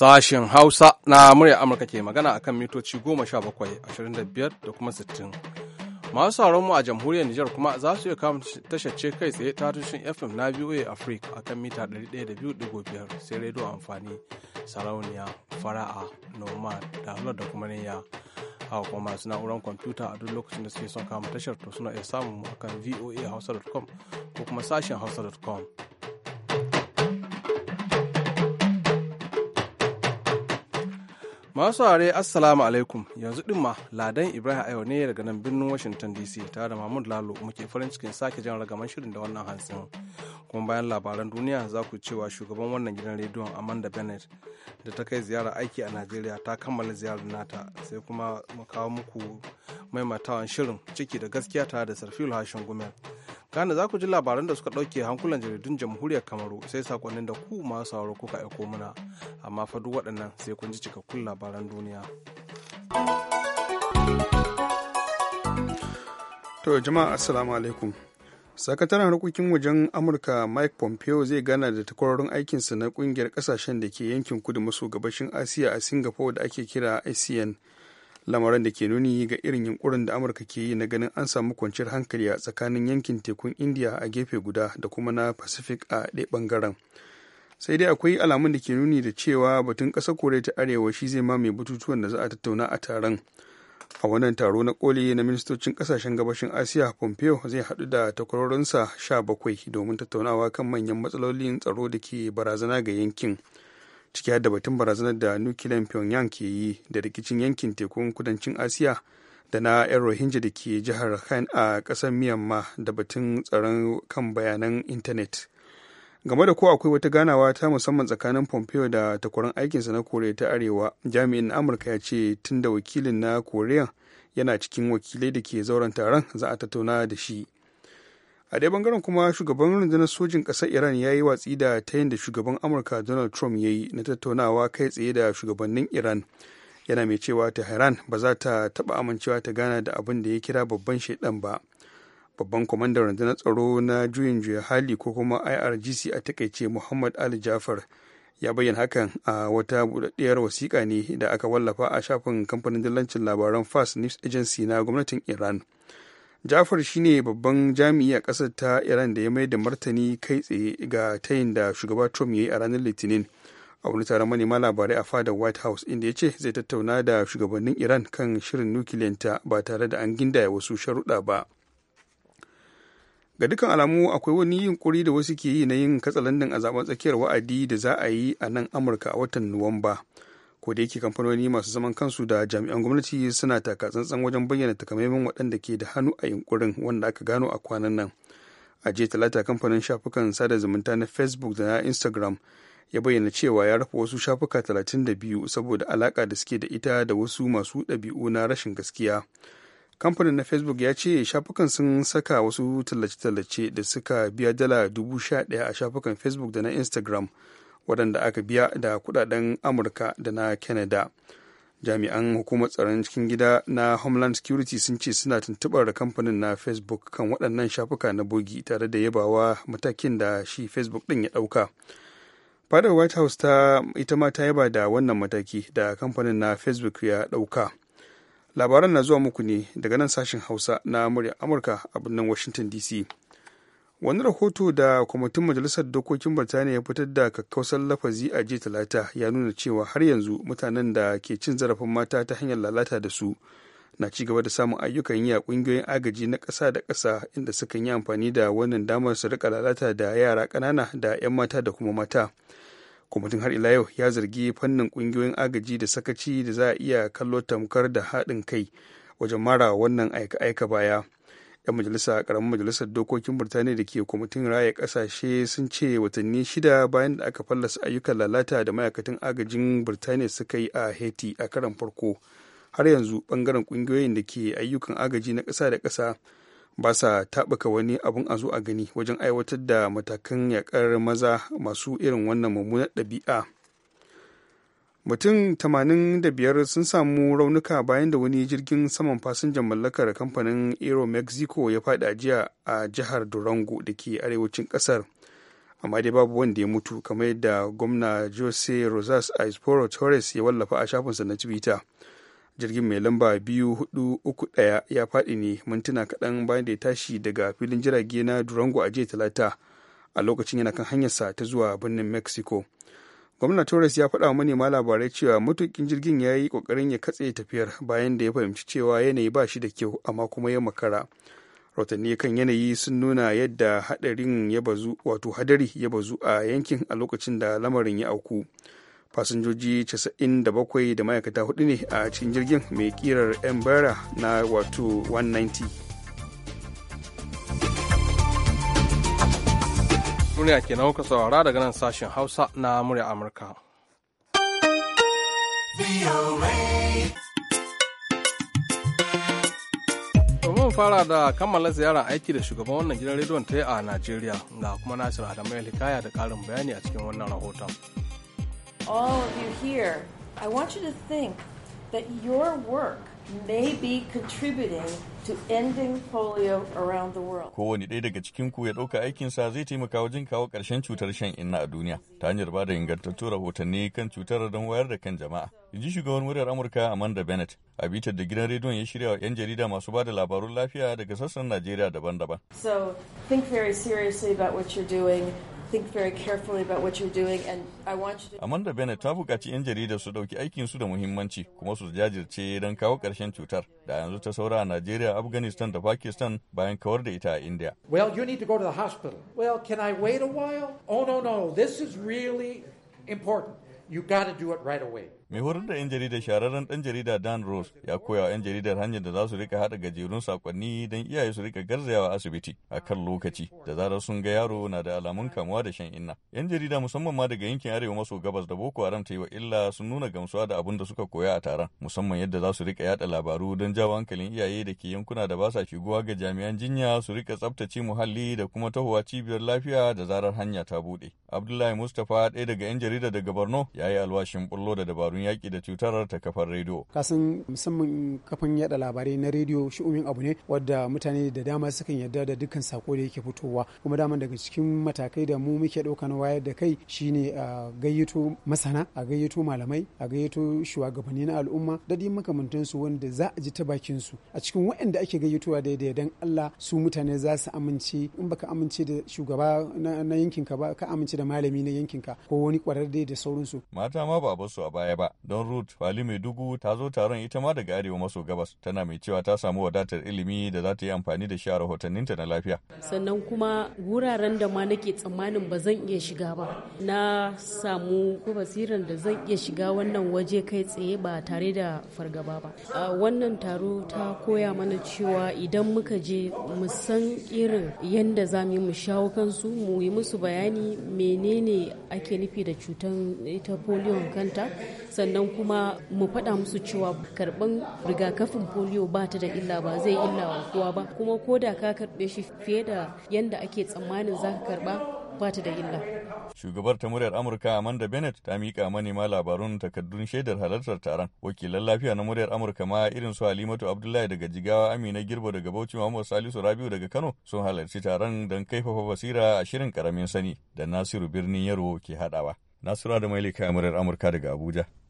Sashen Hausa na murya Amurka ke magana akan mitoci 17-25 da kuma 60. Masu sauran mu a jamhuriyar Nijar kuma za su iya kama tashar ce kai tsaye ta tushen FM na VOA Africa akan mita 102.5 sai rediyo amfani sarauniya fara'a noma da da kuma niyya. a kuma masu na'urar kwamfuta a duk lokacin da suke son kama tashar to suna iya samun mu akan hausa.com ko kuma sashen hausa.com. masu are assalamu alaikum yanzu din ma ladan ibrahim ayo ne daga nan birnin washington dc tare da mahmud lalo muke farin cikin sake jan ragaman shirin da wannan hantsin kuma bayan labaran duniya za ku cewa shugaban wannan gidan rediyon amanda bennett da ta kai ziyara aiki a najeriya ta kammala ziyarar nata sai kuma mu kawo muku maimaitawan shirin ciki da gaskiya tare da sarfil hashin gumel Ghana za ku ji labaran da suka ɗauke hankulan jaridun jamhuriyar Kamaru sai sakonnin da ku masu sauraro kuka aiko mana amma fa duk waɗannan sai kun ji cikakkun labaran duniya. To jama'a assalamu alaikum. Sakataren harkokin wajen Amurka Mike Pompeo zai gana da takwarorin aikinsa na kungiyar kasashen da ke yankin kudu maso gabashin Asiya a Singapore da ake kira ASEAN. lamarin da ke nuni ga irin yunkurin da amurka ke yi na ganin an samu kwanciyar hankali a tsakanin yankin tekun india a gefe guda da kuma na pacific a ɗaya ɓangaren sai dai akwai alamun da ke nuni da cewa batun ƙasar koriya ta arewa shi zai mamaye batutuwan da za a tattauna a taron a wannan taro na koli na ministocin ƙasashen gabashin asiya pompeo zai haɗu da takwarorinsa sha bakwai domin tattaunawa kan manyan matsalolin tsaro da ke barazana ga yankin ciki har da batun barazanar da nukiliyan pyongyang ke yi da rikicin yankin tekun kudancin asiya da na 'yan rohingya da ke jihar khan a kasar myanmar da batun tsaron kan bayanan intanet game da ko akwai wata ganawa ta musamman tsakanin pompeo da takwaran aikinsa na koriya ta arewa jami'in amurka ya ce tunda wakilin na koriya yana cikin wakilai da ke zauren taron za a tattauna da shi a dai bangaren kuma shugaban rundunar sojin ƙasar iran ya yi watsi da yin da shugaban amurka donald trump ya yi na tattaunawa kai tsaye da shugabannin iran yana mai cewa tehran ba za ta taba amincewa ta gana da abin da ya kira babban shaidan ba babban kwamandan rundunar tsaro na juyin juya hali ko kuma irgc a takaice muhammad ali jafar ya bayyana hakan a wata budaddiyar wasiƙa ne da aka wallafa a shafin kamfanin dillancin labaran fast news agency na gwamnatin iran jafar shine babban jami'i a kasar ta iran da ya mai da martani kai tsaye ga tayin da shugaba trump ya yi a ranar litinin a wani taron manema labarai a fadar white house inda ya ce zai tattauna da shugabannin iran kan shirin nukiliyanta ba tare da an gindaya wasu sharuɗa ba ga dukkan alamu akwai wani yunkuri da wasu ke yi na yin katsalandin a zaben tsakiyar wa'adi da za a yi a nan amurka a watan nuwamba ko da yake kamfanoni masu zaman kansu da jami'an gwamnati suna taka tsantsan wajen bayyana takamaiman waɗanda ke da hannu a yunkurin wanda aka gano a kwanan nan a jiya talata kamfanin shafukan sada zumunta na facebook da na instagram ya bayyana cewa ya rufe wasu shafuka talatin da biyu saboda alaka da suke da ita da wasu masu ɗabi'u na rashin gaskiya kamfanin na facebook ya ce shafukan sun saka wasu tallace-tallace da suka biya dala dubu sha ɗaya a shafukan facebook da na instagram waɗanda aka biya da kudaden amurka da na canada jami'an hukumar tsaron cikin gida na homeland security sun ce suna tuntubar kamfanin na facebook kan waɗannan shafuka na bogi tare da yabawa matakin da shi facebook ɗin ya ɗauka fadar white house ta ita ma ta yaba da wannan mataki da kamfanin na facebook ya ɗauka labaran na zuwa muku ne daga nan sashen hausa na murya amurka a birnin washington dc wani rahoto da kwamitin majalisar dokokin birtaniya ya fitar da kakkausar lafazi a jiya talata ya nuna cewa har yanzu mutanen da ke cin zarafin mata ta hanyar lalata da su na ci gaba da samun ayyukan yi a ƙungiyoyin agaji na ƙasa da ƙasa inda sukan yi amfani da wannan damar su rika lalata da yara ƙanana da 'yan mata da kuma mata kwamitin har ila yau ya zargi fannin ƙungiyoyin agaji da sakaci da za a iya kallo tamkar da haɗin kai wajen mara wannan aika-aika baya 'yan majalisa karamin majalisar dokokin birtaniya da ke kwamitin raya kasashe sun ce watanni shida bayan da aka fallasa ayyukan lalata da ma'aikatan agajin birtaniya suka yi a haiti a karan farko har yanzu bangaren kungiyoyin da ke ayyukan agaji na ƙasa da ƙasa ba sa taɓuka wani abun a zo a gani wajen aiwatar da matakan yaƙar maza masu irin wannan mummunar ɗabi'a mutum 85 sun samu raunuka bayan da wani jirgin saman fasinjan mallakar kamfanin aero mexico ya faɗi jiya a jihar durango da ke arewacin ƙasar amma dai babu wanda ya mutu kamar yadda gwamna jose rosas aisporo torres ya wallafa a shafinsa na twitter jirgin mai lamba biyu hudu uku daya ya faɗi ne mintuna kaɗan bayan da ya tashi daga filin jirage na durango a jiya talata a lokacin yana kan hanyarsa ta zuwa birnin mexico gwamna torres ya faɗa wa manema labarai cewa matukin jirgin ya yi ƙoƙarin ya katse tafiyar bayan da ya fahimci cewa yanayi ba shi da kyau amma kuma ya makara rautanni kan yanayi sun nuna yadda hadarin ya bazu wato hadari ya bazu a yankin a lokacin da lamarin ya auku fasinjoji 97 da ma'aikata hudu ne a cikin jirgin mai kirar embera na wato 190 duniya kenan kuka saurara daga nan sashen hausa na murya amurka mun fara da kammala ziyarar aiki da shugaban wannan gidan rediyon ta yi a najeriya ga kuma nasiru adamu likaya da karin bayani a cikin wannan rahoton all of you here i want you to think that your work may be contributing to ending polio around the world. Kowane ɗaya daga cikin ku ya ɗauka sa zai taimaka wajen kawo ƙarshen cutar shan inna a duniya ta hanyar ba da ingantattun rahotanni kan cutar don wayar da kan jama'a. In ji shugaban muryar Amurka Amanda Bennett a bitar da gidan rediyon ya shirya wa 'yan jarida masu ba da labarun lafiya daga sassan Najeriya daban-daban. So think very seriously about what you're doing. think very carefully about what you're doing and I want you to Amanda Bennett ta bukaci 'yan jarida su ɗauki aikin su da muhimmanci kuma su jajirce don kawo ƙarshen cutar da yanzu ta saura a Najeriya, Afghanistan da Pakistan bayan kawar da ita a India. Well, you need to go to the hospital. Well, can I wait a while? Oh no, no, this is really important. You got to do it right away. Mai horar da 'yan jarida shahararren dan jarida Dan Rose ya koya wa 'yan jaridar hanyar da za su rika haɗa gajerun sakonni don iyaye su rika garzayawa asibiti a kan lokaci da zarar sun ga yaro na da alamun kamuwa da shan inna. 'Yan jarida musamman ma daga yankin arewa maso gabas da Boko Haram ta yi wa illa sun nuna gamsuwa da abin da suka koya a taron musamman yadda za su rika yada labaru don jawo hankalin iyaye da ke yankuna da ba sa shigowa ga jami'an jinya su rika tsaftace muhalli da kuma tahowa cibiyar lafiya da zarar hanya ta bude Abdullahi Mustapha ɗaya daga 'yan jarida daga Borno ya yi alwashin bullo da dabarun domin yaƙi da cutar ta kafar rediyo. Kasan musamman kafin yada labarai na rediyo shi'umin abu ne wadda mutane da dama sukan yarda da dukkan sako da yake fitowa kuma dama daga cikin matakai da mu muke ɗauka na wayar da kai shine a gayyato masana a gayyato malamai a gayyato shugabanni na al'umma da dai makamantansu wanda za a ji ta bakin su a cikin waɗanda ake gayyatowa daidai dan Allah su mutane za su amince in baka amince da shugaba na yankinka ba ka amince da malami na yankinka ko wani kwararre da sauransu mata ma ba su a baya ba don Ruth Fali Dugu ta zo taron ita ma daga arewa maso gabas tana mai cewa ta samu wadatar ilimi da za ta yi amfani da shi a rahotanninta na lafiya. Sannan kuma wuraren da ma nake tsammanin ba zan iya shiga ba na samu basiran da zan iya shiga wannan waje kai tsaye ba tare da fargaba ba. Wannan taro ta koya mana cewa idan muka je mu san irin yadda za mu yi mu shawo kansu mu yi musu bayani menene ake nufi da cutar ita polio kanta sannan kuma mu faɗa musu cewa karɓan rigakafin polio ba ta da illa ba zai illa wa kowa ba kuma ko da ka karɓe shi fiye da yadda ake tsammanin za ka karɓa ba ta da illa. Shugabar ta muryar Amurka Amanda Bennett ta miƙa manema labarun takardun shaidar halartar taron. Wakilan lafiya na muryar Amurka ma irin su Halimatu Abdullahi daga Jigawa, Amina Girbo daga Bauchi, Muhammad Salisu Rabiu daga Kano sun halarci taron don kaifafa basira a shirin karamin sani da Nasiru Birnin Yaro ke haɗawa. Nasiru da Mailika muryar Amurka daga Abuja.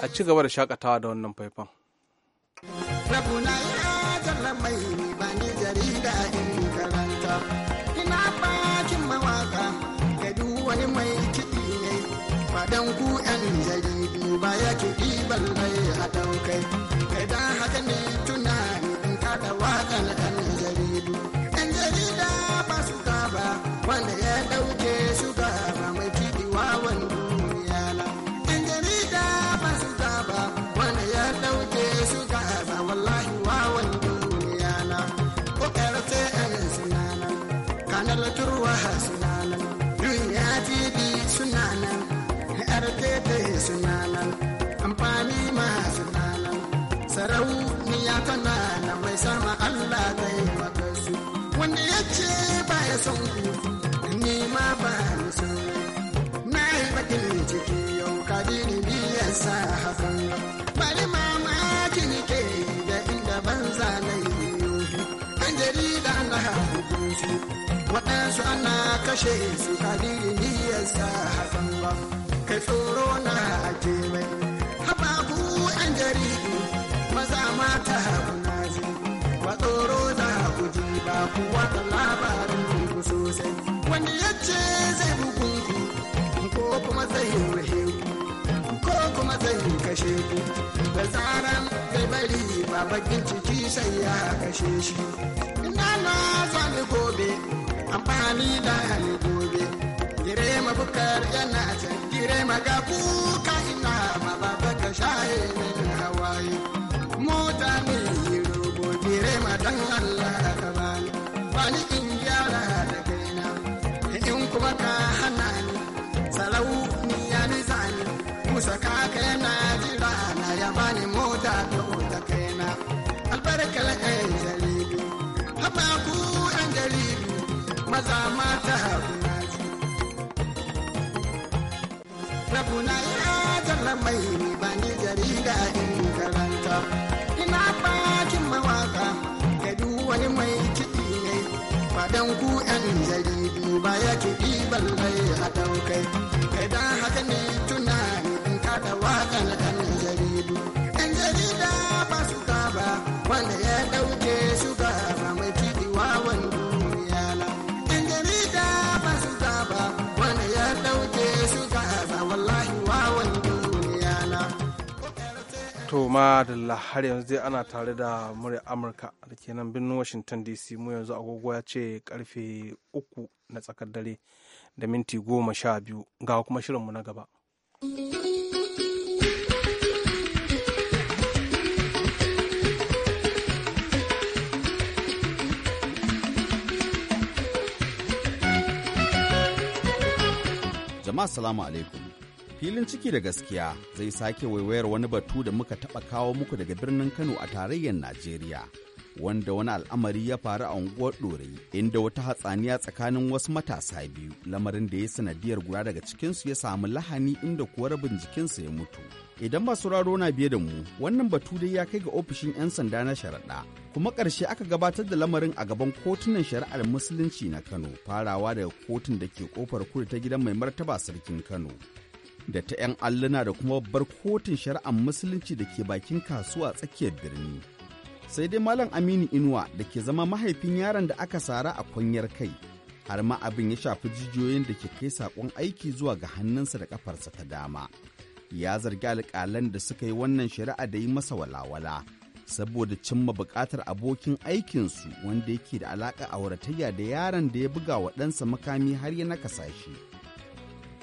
a ci gaba da shakatawa da wannan faifan rabuna ya zalla mai ba ni jarida in karanta ina bakin mawaka ga duk wani mai kiɗi ne fadan ku yan jaridu ba ya kiɗi balle a ɗaukai sarauniya tana na mai sama Allah zai maka su wanda ya ce ba ya son ku ni ma ba ni so na yi bakin ciki yau ka ni biyar hakan bari mamaki ni ke da inda ban zalai an jarida na hakan su waɗansu ana kashe su ka ni ya hakan ba kai tsoro na ake mai haɓaku an jarida maza mata kuna ji ba tsoro za ku ji ba ku watsa labarin ku sosai wani yace zai bugu ko kuma zai wahe ko kuma zai kashe ku da zaran bai bari ba bakin ciki sai ya kashe shi ina na zami gobe amfani da hali gobe gire bukar yana can gire maga kuka ina ma ba ka shaye hawaye mota ne hero gobe rema dan Allah ka bani bani in gyara da kaina in kuma ka hana ni sarau ni ya ni zani musa ka kai na jira na ya bani mota ko ta kaina albarkar ai jalibi haba ku an jalibi maza mata hakuna ji rabuna ya jarra mai ni bani jarida in lallai a kai kai da haka ne tunani in kada wakan kan jaridu yan jarida ba su ba wanda ya dauki To da har yanzu dai ana tare da murya Amurka da ke nan birnin Washington DC mu yanzu agogo ya ce karfe uku na tsakar dare da minti goma sha biyu ga kuma mu na gaba. Jama'a salamu alaikum. filin ciki da gaskiya zai sake waiwayar wani batu da muka taɓa kawo muku daga birnin kano a tarayyar najeriya wanda wani al'amari ya faru a unguwar ɗorayi inda wata hatsaniya tsakanin wasu matasa biyu lamarin da ya sanadiyar guda daga cikinsu ya samu lahani inda kuwa rabin jikinsa ya mutu idan ba sauraro na biye da mu wannan batu dai ya kai ga ofishin 'yan sanda na sharaɗa kuma ƙarshe aka gabatar da lamarin a gaban kotunan shari'ar musulunci na kano farawa daga kotun da ke kofar kudu ta gidan mai martaba sarkin kano da ta 'yan alluna da kuma babbar kotun shari'ar musulunci da ke bakin kasuwa tsakiyar birni sai dai malam aminu inuwa da ke zama mahaifin yaron da aka sara a kwanyar kai har ma abin ya shafi jijiyoyin da ke kai saƙon aiki zuwa ga hannunsa da ƙafarsa ta dama ya zargi alƙalan da suka yi wannan shari'a da yi masa walawala saboda cimma buƙatar abokin aikinsu wanda yake da alaƙa auratayya da yaron da ya buga wa ɗansa makami har ya nakasa shi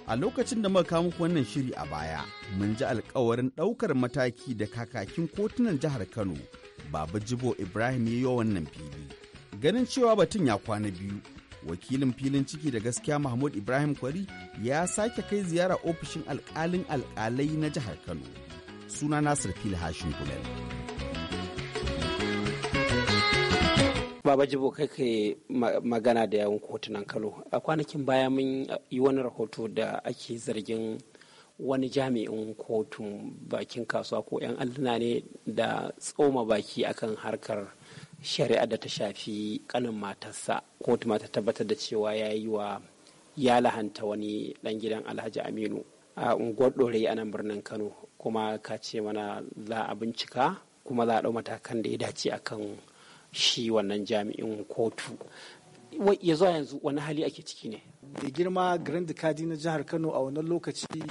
A lokacin da muka muku wannan shiri a baya, mun ji alkawarin ɗaukar mataki da kakakin kotunan jihar Kano, Baba Jibo Ibrahim ya wannan fili. Ganin cewa batun ya kwana biyu, wakilin filin ciki da gaskiya Mahmud Ibrahim Kwari ya sake kai ziyara ofishin alkalin alkalai na jihar Kano. Suna Nasir Fil Hashin Baba Jibo kai kai magana da yawon kotunan Kano. A kwanakin baya mun yi wani rahoto da ake zargin wani jami'in kotun bakin kasuwa ko 'yan alluna ne da tsoma baki akan harkar shari'a da ta shafi kanin matarsa kotu mata tabbatar da cewa ya yi wa ya lahanta wani dan gidan alhaji aminu a unguwar ɗorayi a nan birnin kano kuma ka ce mana za a bincika kuma za a ɗau matakan da ya dace akan shi wannan jami'in kotu ya zuwa yanzu wani hali ake ciki ne da girma grand kadi na jihar kano a wannan lokaci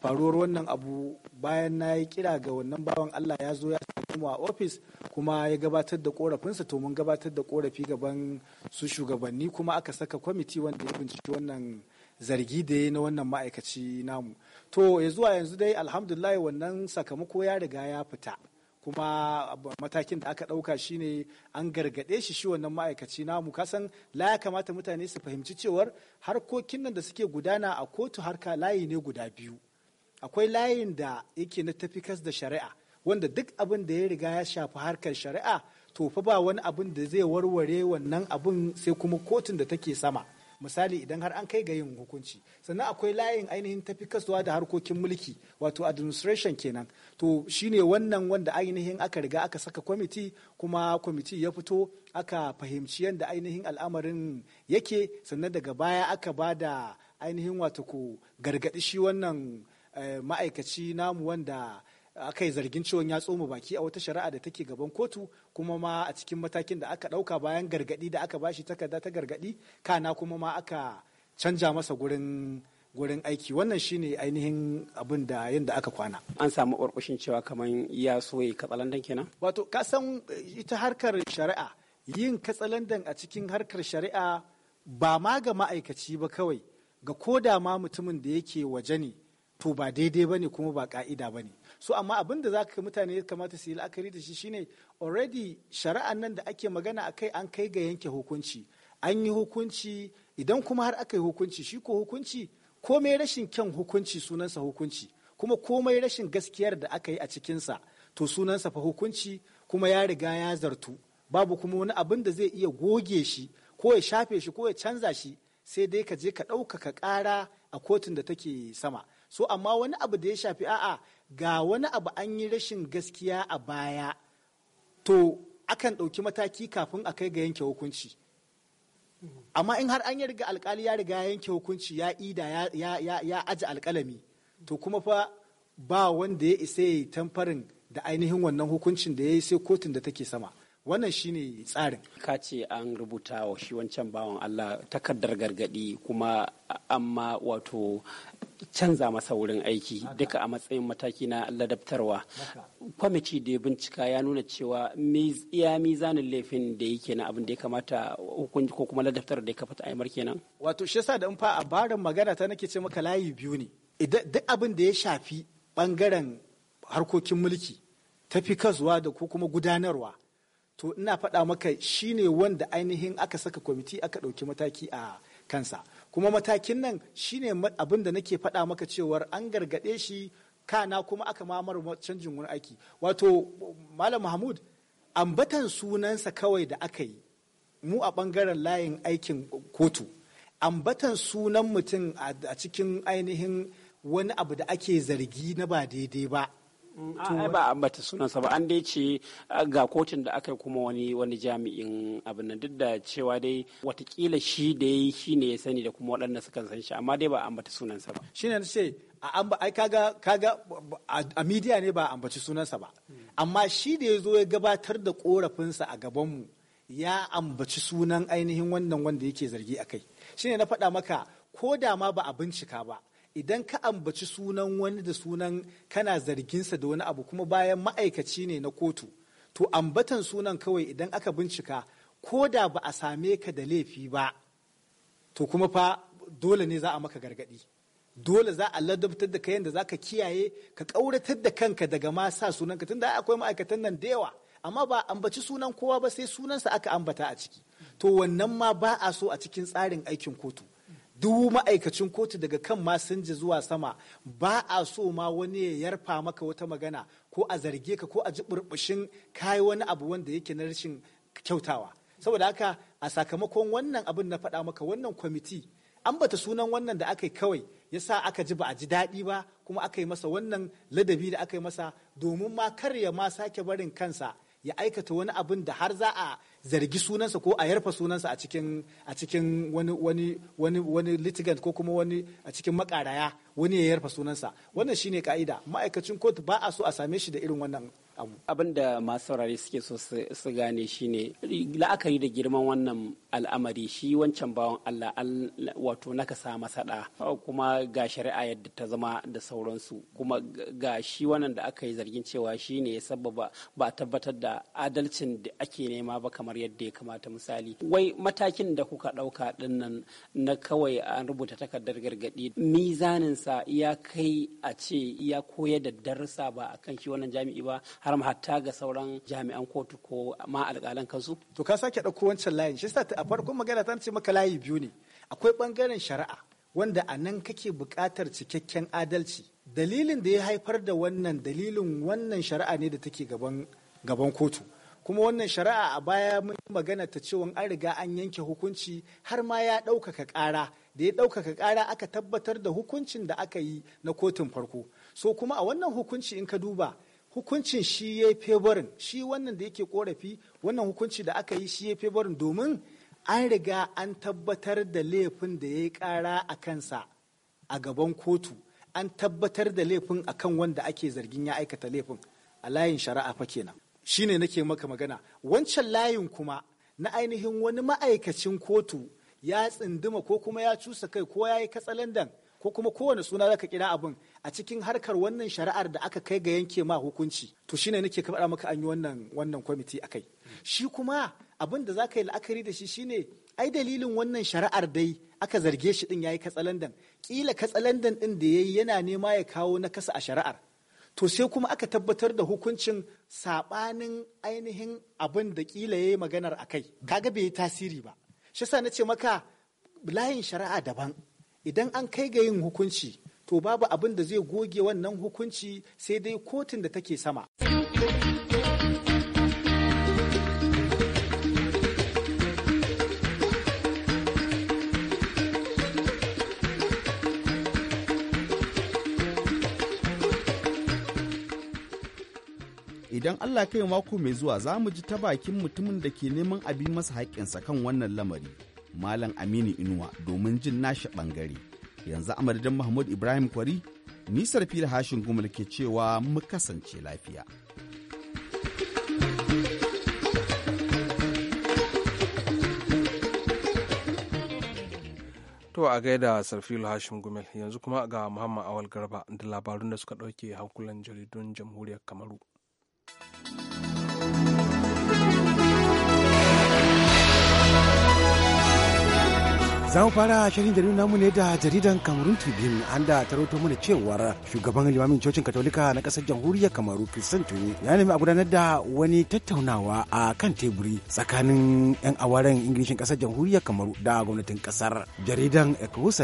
faruwar wannan abu bayan na yi kira ga wannan bawan allah ya zo ya samu a ofis kuma ya gabatar da korafinsa to mun gabatar da korafi gaban su shugabanni kuma aka saka kwamiti wanda ya binciki wannan zargi da ya na wannan ma'aikaci namu to ya zuwa yanzu dai alhamdulillah wannan sakamako ya riga ya fita kuma matakin da aka ɗauka shine an gargaɗe shi shi wannan ma'aikaci namu kasan la ya kamata mutane su fahimci cewar harkokin nan da suke gudana a kotu harka layi ne guda biyu akwai layin da yake na tafikas da shari'a wanda duk abin da ya riga ya shafi harkar shari'a to fa ba wani abin da zai warware wannan abin sai kuma kotun da take sama misali idan har an kai ga yin hukunci sannan akwai layin ainihin tafi kasuwa da harkokin mulki wato administration kenan to shine wannan wanda ainihin aka riga aka saka kwamiti kuma kwamiti ya fito aka fahimci yadda ainihin al'amarin yake sannan daga baya aka ba da ainihin wato ku gargaɗi shi wannan eh, ma'aikaci namu wanda aka zargin ciwon ya tsoma baki a wata shari'a da take gaban kotu kuma ma a cikin matakin da aka ɗauka bayan gargaɗi da aka bashi takarda ta gargaɗi kana kuma ma aka canja masa gurin gurin aiki wannan shine ainihin abin da yadda aka kwana an samu ƙwarƙushin cewa kamar ya so ya katsalandan kenan wato ka san eh, ita harkar shari'a yin katsalandan a cikin harkar shari'a ba ma ga ma'aikaci ba kawai ga koda ma mutumin da yake waje ne to ba daidai ba ne kuma ba ka'ida ba ne so amma abin da za ka mutane ya kamata su yi la'akari da shi shine already shari'an nan da ake magana akai an kai ga yanke hukunci an yi hukunci idan kuma har aka yi hukunci shi ko hukunci komai rashin kyan hukunci sunansa hukunci kuma komai rashin gaskiyar da aka yi a cikinsa to sunansa fa hukunci kuma ya riga ya zartu babu kuma wani abin da zai iya goge shi ko ya shafe shi ko ya canza shi sai dai ka je ka ɗaukaka ƙara a kotun da take sama so amma wani abu da ya shafi a'a ga wani abu an yi rashin gaskiya a baya to akan ɗauki mataki kafin a kai ga yanke hukunci amma in har an yi riga alkali ya riga yanke hukunci ya ida ya aji alkalami to kuma fa ba wanda ya isa ya yi tamfarin da ainihin wannan hukuncin da ya yi sai kotun da take sama wannan shine tsarin ka ce an rubuta wa shi wancan bawan Allah takardar gargadi kuma amma wato canza masa wurin aiki duka a matsayin mataki na ladabtarwa kwamiti da ya bincika ya nuna cewa ya mizanin laifin da yake na abin da ya kamata hukunci ko kuma ladabtar da ya kafa ta aimar kenan wato shi yasa da in fa a barin magana ta nake ce maka layi biyu ne duk abin da ya shafi bangaren harkokin mulki tafi kasuwa da ko kuma gudanarwa to ina faɗa maka shine wanda ainihin aka saka kwamiti aka ɗauki mataki a kansa kuma matakin nan shine abin da nake faɗa maka cewar an gargaɗe shi kana kuma aka mamar canjin wani aiki wato malam mahmud ambatan sunansa kawai da aka yi mu a ɓangaren layin aikin kotu ambatan sunan mutum a cikin ainihin wani abu da ake zargi na ba daidai ba ai ba ambata sunansa ba an dai ce ga kotun da aka kuma wani wani jami'in abin nan duk da cewa dai watakila shi da ya shi ne ya sani da kuma waɗanda suka san shi amma dai ba ambata sunansa ba shine ne ce a ai kaga kaga a midiya ne ba ambaci sunansa ba amma shi da ya zo ya gabatar da korafinsa a gaban mu ya ambaci sunan ainihin wannan wanda yake zargi a kai shine na faɗa maka ko da ma ba a bincika ba idan ka ambaci sunan wani da sunan kana zarginsa da wani abu kuma bayan ma'aikaci ne na kotu to ambatan sunan kawai idan aka bincika ko da ba a same ka da laifi ba to kuma fa dole ne za a maka gargadi dole za a ladabtar da kai yadda za ka kiyaye ka ƙauratar da kanka daga ma sa sunanka tunda akwai ma'aikatan nan da yawa amma ba ambaci sunan kowa ba sai sunansa aka ambata a ciki to wannan ma ba a so a cikin tsarin aikin kotu duk ma'aikacin kotu daga kan masinja zuwa sama ba a so ma wani ya yarfa maka wata magana ko a zarge ka ko a ji burbushin kayi wani abu wanda yake na rashin kyautawa saboda haka a sakamakon wannan abin na faɗa maka wannan kwamiti an bata sunan wannan da aka yi kawai ya sa aka ji ba a ji daɗi ba kuma aka yi masa wannan ladabi da aka yi masa domin ma kar ya ma sake barin kansa ya aikata wani abin da har za a zargi sunansa ko a yarfa sunansa a cikin wani litigant ko kuma wani a cikin makaraya wani ya yarfa sunansa wannan shine ka'ida ma'aikacin kotu ba a so a same shi da irin wannan abu abin da masu saurari suke so su gane shine la'akari da girman wannan al'amari shi wancan bawan Allah wato naka sa masa da kuma ga shari'a yadda ta zama da sauransu kuma ga shi wannan da aka yi zargin cewa shine ya sababa ba tabbatar da adalcin da ake nema ba kamar yadda ya kamata misali wai matakin da kuka ɗauka dinnan na kawai an rubuta takardar gargadi mizanin kansa iya kai a ce ya koyar da darussa ba a kan shi wannan jami'i ba har hatta ga sauran jami'an kotu ko ma alƙalan kansu. To ka sake ɗauko wancan layin shi sa a farkon magana ta ce maka layi biyu ne akwai bangaren shari'a wanda a nan kake buƙatar cikakken adalci dalilin da ya haifar da wannan dalilin wannan shari'a ne da take gaban gaban kotu kuma wannan shari'a a baya mun magana ta cewa an riga an yanke hukunci har ma ya ɗaukaka ƙara da ya ɗaukaka ƙara aka tabbatar da hukuncin da aka yi na kotun farko so kuma a wannan hukunci in ka duba hukuncin shi ya yi favorin shi wannan da yake korafi wannan hukunci da aka yi shi ya yi favorin domin an riga an tabbatar da laifin da ya yi ƙara a kansa a gaban kotu an tabbatar da laifin a kan wanda ake zargin ya aikata laifin a layin shari'a fa kenan shine nake maka magana wancan layin kuma na ainihin wani ma'aikacin kotu ya tsinduma ko kuma ya cusa kai ko ya yi katsalandan ko kuma kowane suna zaka kira abin a cikin harkar wannan shari'ar da aka kai ga yanke ma hukunci to shine nake faɗa maka an yi wannan wannan kwamiti akai shi kuma abin da zaka yi la'akari da shi shine ai dalilin wannan shari'ar dai aka zarge shi din yayi katsalandan kila katsalandan din da yayi yana nema ya kawo na kasa a shari'ar to sai kuma aka tabbatar da hukuncin sabanin ainihin abin da kila yayi maganar akai kaga bai yi tasiri ba shi sa na ce maka layin shari'a daban idan an kai ga yin hukunci to babu abin da zai goge wannan hukunci sai dai kotun da take sama. idan Allah kai mako mai zuwa za mu ji ta bakin mutumin da ke neman abin masa haƙƙinsa kan wannan lamari Malam Aminu Inuwa domin jin nashi ɓangare. Yanzu amadadin Mahmud Ibrahim Kwari, nisar fili hashin gumul ke cewa mu kasance lafiya. To a gaida Sarfilu Hashim Gumel yanzu kuma ga Muhammad Awal Garba da labarun da suka ɗauke hankulan jaridun Jamhuriyar Kamaru. Za mu fara shirin jaridun namu ne da jaridan kamarun Tribune an da ta mana cewar shugaban limamin cocin Katolika na kasar jamhuriyar Kamaru kristan Tuni ya nemi a gudanar da wani tattaunawa a kan teburi tsakanin 'yan awaren Ingilishin kasar jamhuriyar Kamaru da gwamnatin kasar. Jaridan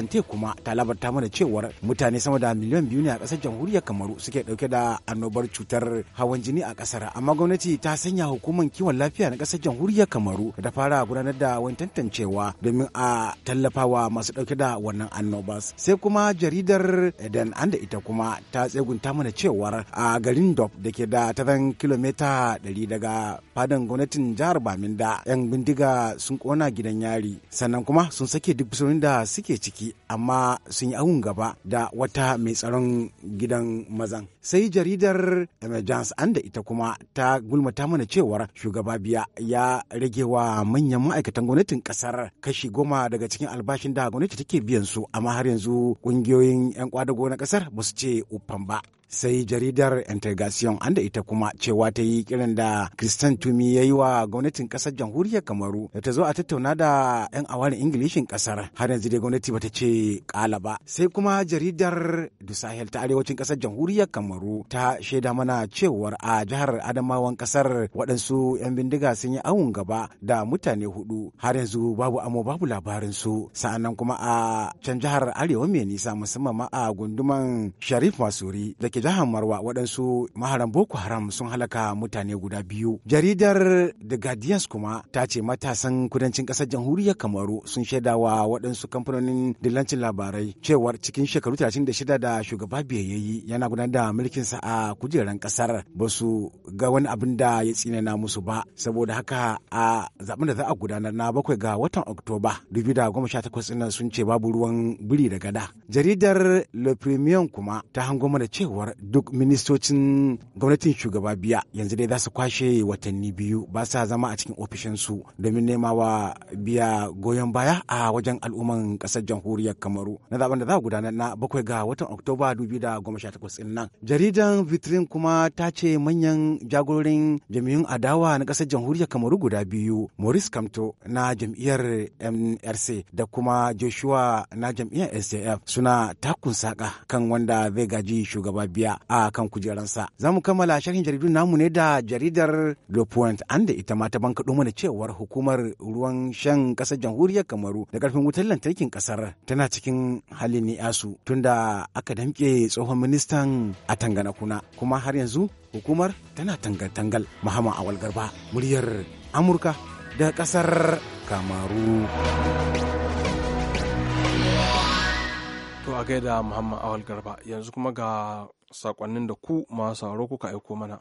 te kuma ta labarta mana cewar mutane sama da miliyan biyu ne a kasar jamhuriyar Kamaru suke dauke da annobar cutar hawan jini a kasar amma gwamnati ta sanya hukumar kiwon lafiya na kasar jamhuriyar Kamaru da fara gudanar da wani tantancewa domin a tallafawa masu ɗauke da wannan annobas sai kuma jaridar dan an da ita kuma ta tsegunta mana cewar a garin dop da ke da taron kilomita 100 daga fadan gwamnatin jihar baminda yan bindiga sun kona gidan yari sannan kuma sun sake duk fursunonin da suke ciki amma sun yi awun gaba da wata mai tsaron gidan mazan sai jaridar emergence an da ita kuma ta gulmata mana cewar shugaba biya ya rage wa manyan ma'aikatan gwamnatin kasar kashi goma daga cikin albashin da gwamnati take biyan su amma har yanzu kungiyoyin 'yan kwadago na kasar ba su ce uffan ba sai jaridar integration anda ita kuma cewa ta yi kiran da kristan tumi ya yi wa gwamnatin kasar jamhuriyar kamaru da ta zo a tattauna da 'yan awarin ingilishin kasar har yanzu dai gwamnati bata ce kala ba sai kuma jaridar dusahel ta arewacin kasar jamhuriyar kamaru ta shaida mana cewar a jihar adamawan kasar waɗansu 'yan bindiga sun yi awun gaba da mutane hudu har yanzu babu amo babu labarin su sa'annan kuma a can jihar arewa mai nisa musamman ma a gunduman sharif masuri da ke ke jihar Marwa waɗansu maharan Boko Haram sun halaka mutane guda biyu. Jaridar The Guardians kuma ta ce matasan kudancin ƙasar jamhuriyar Kamaru sun shaidawa waɗansu kamfanonin dillancin labarai cewar cikin shekaru 36 da shugaba biya yi yana gudanar da mulkinsa a kujeran ƙasar ba su ga wani abin da ya tsinana musu ba saboda haka a zaben da za a gudanar na bakwai ga watan Oktoba 2018 sun ce babu ruwan biri da gada. Jaridar Le Premium kuma ta hango mana cewar kamar duk ministocin gwamnatin shugaba biya yanzu dai za su kwashe watanni biyu ba sa zama a cikin ofishinsu domin nema wa biya goyon baya a wajen al'umman kasar jamhuriyar kamaru na zaben da za a gudanar na bakwai ga watan oktoba 2018 din nan jaridan vitrin kuma ta ce manyan jagororin jami'un adawa na kasar jamhuriyar kamaru guda biyu maurice kamto na jam'iyyar mrc da kuma joshua na jam'iyyar sdf suna takun saka kan wanda zai gaji shugaba biyu biya a kan kujeransa za mu kammala sharhin jaridun namu ne da jaridar le point an da ita ma ta banka mana cewar hukumar ruwan shan kasar jamhuriyar kamaru da karfin wutar lantarkin ƙasar tana cikin halin asu tunda aka damke tsohon ministan a tangana kuna kuma har yanzu hukumar tana tangal-tangal muhammad awal garba muryar amurka da kasar kamaru to a gaida muhammad awal garba yanzu kuma ga sakonnin da ku masu sauro kuka aiko mana.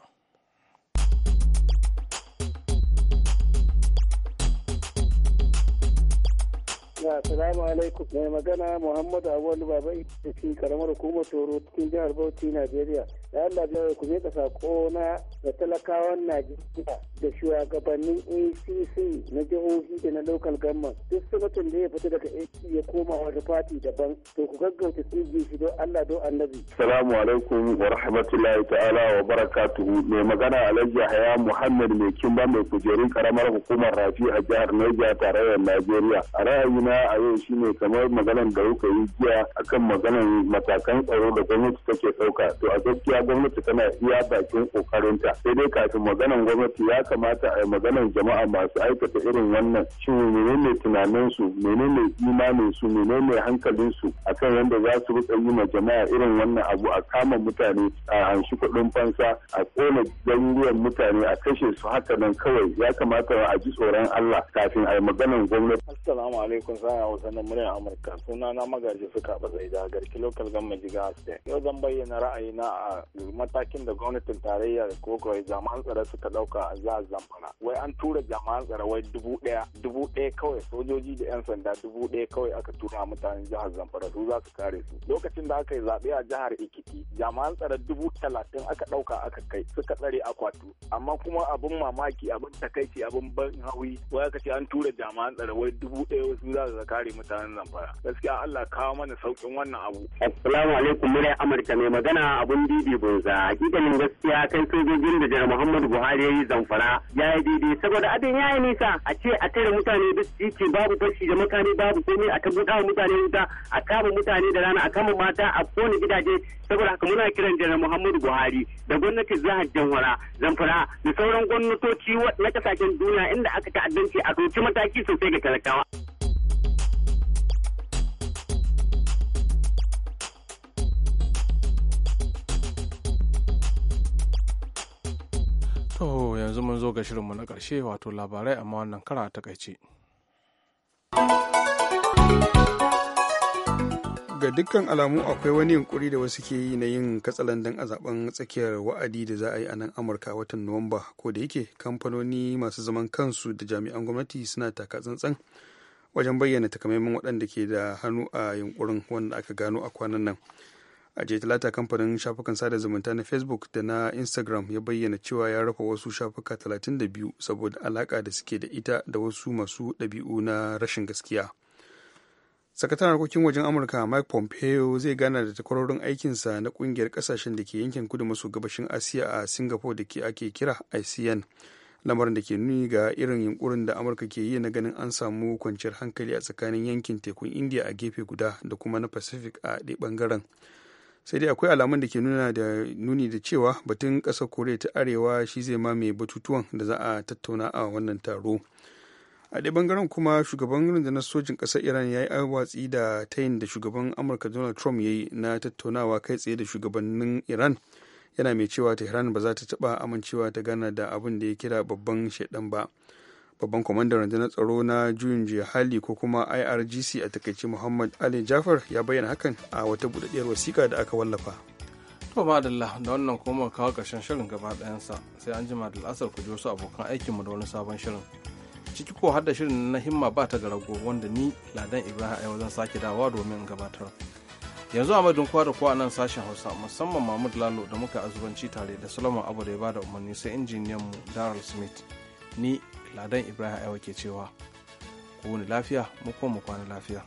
Assalamu alaikum mai magana Muhammadu Abubuwan Baba Ita ce karamar hukumar Toro cikin jihar Bauchi, Najeriya. da Allah biya ku miƙa sako na da talakawan Najeriya da shugabannin ACC na jihohi da na local government duk mutum da ya fita daga AC ya koma wani fati daban to ku gaggauta tsige shi don Allah don annabi. Salamu alaikum wa rahmatullahi ta'ala wa barakatuhu mai magana Alhaji Haya Muhammad mai kimba mai kujerun karamar hukumar Rafi a jihar Niger tarayyar Najeriya. A ra'ayina a yau ne kamar maganar da kuka yi jiya akan maganar matakan tsaro da gwamnati take ɗauka to a gaskiya gaskiya gwamnati tana iya bakin kokarinta sai dai kafin maganan gwamnati ya kamata a yi maganan jama'a masu aikata irin wannan shin menene tunaninsu menene imaninsu menene hankalinsu akan yadda za su rika yi ma jama'a irin wannan abu a kama mutane a hanshi kuɗin fansa a kona garuruwan mutane a kashe su haka nan kawai ya kamata a ji tsoron Allah kafin a yi maganan gwamnati. Assalamu alaikum sa'a a na muryar Amurka sunana magaji suka ba zai da garki local government jiga Yau zan bayyana ra'ayina a matakin da gwamnatin tarayya da koko jami'an tsaro suka dauka a za zamfara wai an tura jami'an tsaro wai dubu daya dubu daya kawai sojoji da yan sanda dubu daya kawai aka tura mutanen jihar zamfara su za su kare su lokacin da aka yi zaɓe a jihar ikiti jami'an tsaro dubu talatin aka dauka aka kai suka tsare akwatu amma kuma abin mamaki abin takaici abin ban hawi, wai aka ce an tura jami'an tsaro wai dubu daya wasu za su kare mutanen zamfara gaskiya Allah kawo mana saukin wannan abu assalamu alaikum mura amurka mai magana abun bibi A hakikanin gaskiya kai sojojin da jar muhammadu buhari ya yi zamfara ya yi daidai saboda abin ya yi nisa a ce a tare mutane duk titi babu fashi da makami babu komai a ta buɗa mutane wuta a kama mutane da rana a kama mata a kone gidaje saboda haka muna kiran jar muhammadu buhari da gwamnatin jihar jamhura zamfara da sauran gwamnatoci na kasashen duniya inda aka ta'addanci a ɗauki mataki sosai ga talakawa. To yanzu mun zo ga shirinmu na ƙarshe wato labarai amma wannan kara ta kaice. Ga dukkan alamu akwai wani yunkuri da wasu ke yi na yin katsalandan a zaben tsakiyar wa'adi da za a yi a nan Amurka watan Nuwamba ko da yake kamfanoni masu zaman kansu da jami'an gwamnati suna taka tsantsan wajen bayyana takamaiman waɗanda ke da hannu a yunkurin wanda aka gano a kwanan nan. a jiya talata kamfanin shafukan sada zumunta na facebook da na instagram ya bayyana cewa ya rufe wasu shafuka 32 saboda alaka da suke da ita da wasu masu ɗabi'u na rashin gaskiya sakataren harkokin wajen amurka mike pompeo zai gana da takwarorin aikinsa na kungiyar kasashen da ke yankin kudu maso gabashin asiya a singapore da ke ake kira icn lamarin da ke nuni ga irin yunkurin da amurka ke yi na ganin an samu kwanciyar hankali a tsakanin yankin tekun india a gefe guda da kuma na pacific a ɗaya bangaren sai dai akwai alamun da ke nuna da nuni da cewa batun ƙasar koriya ta arewa shi zai mame batutuwan da za a tattauna a wannan taro a ɗaya bangaren kuma shugaban rundunar sojin ƙasar iran ya yi watsi da tayin da shugaban amurka donald trump ya yi na tattaunawa kai tsaye da shugabannin iran yana mai cewa tehran ba za ta taɓa amincewa ta gana da abin da ya kira babban shaidan ba babban kwamandan rundunar tsaro na juyin juya hali ko kuma irgc a takaice muhammad ali jafar ya bayyana hakan a wata budaddiyar wasiƙa da aka wallafa to ba da wannan kuma kawo ƙarshen shirin gaba ɗayansa sai an jima da la'asar ku ji wasu abokan aikinmu da wani sabon shirin ciki ko har shirin na himma ba ta garago wanda ni ladan ibrahim yau zan sake dawa domin gabatar yanzu a madun kwa da kwa nan sashen hausa musamman mahmud lalo da muka azubanci tare da solomon abu da ya da umarni sai injiniyan mu daryl smith ni ladan ibrahim aiwa ke cewa ku lafiya mu mu kwana lafiya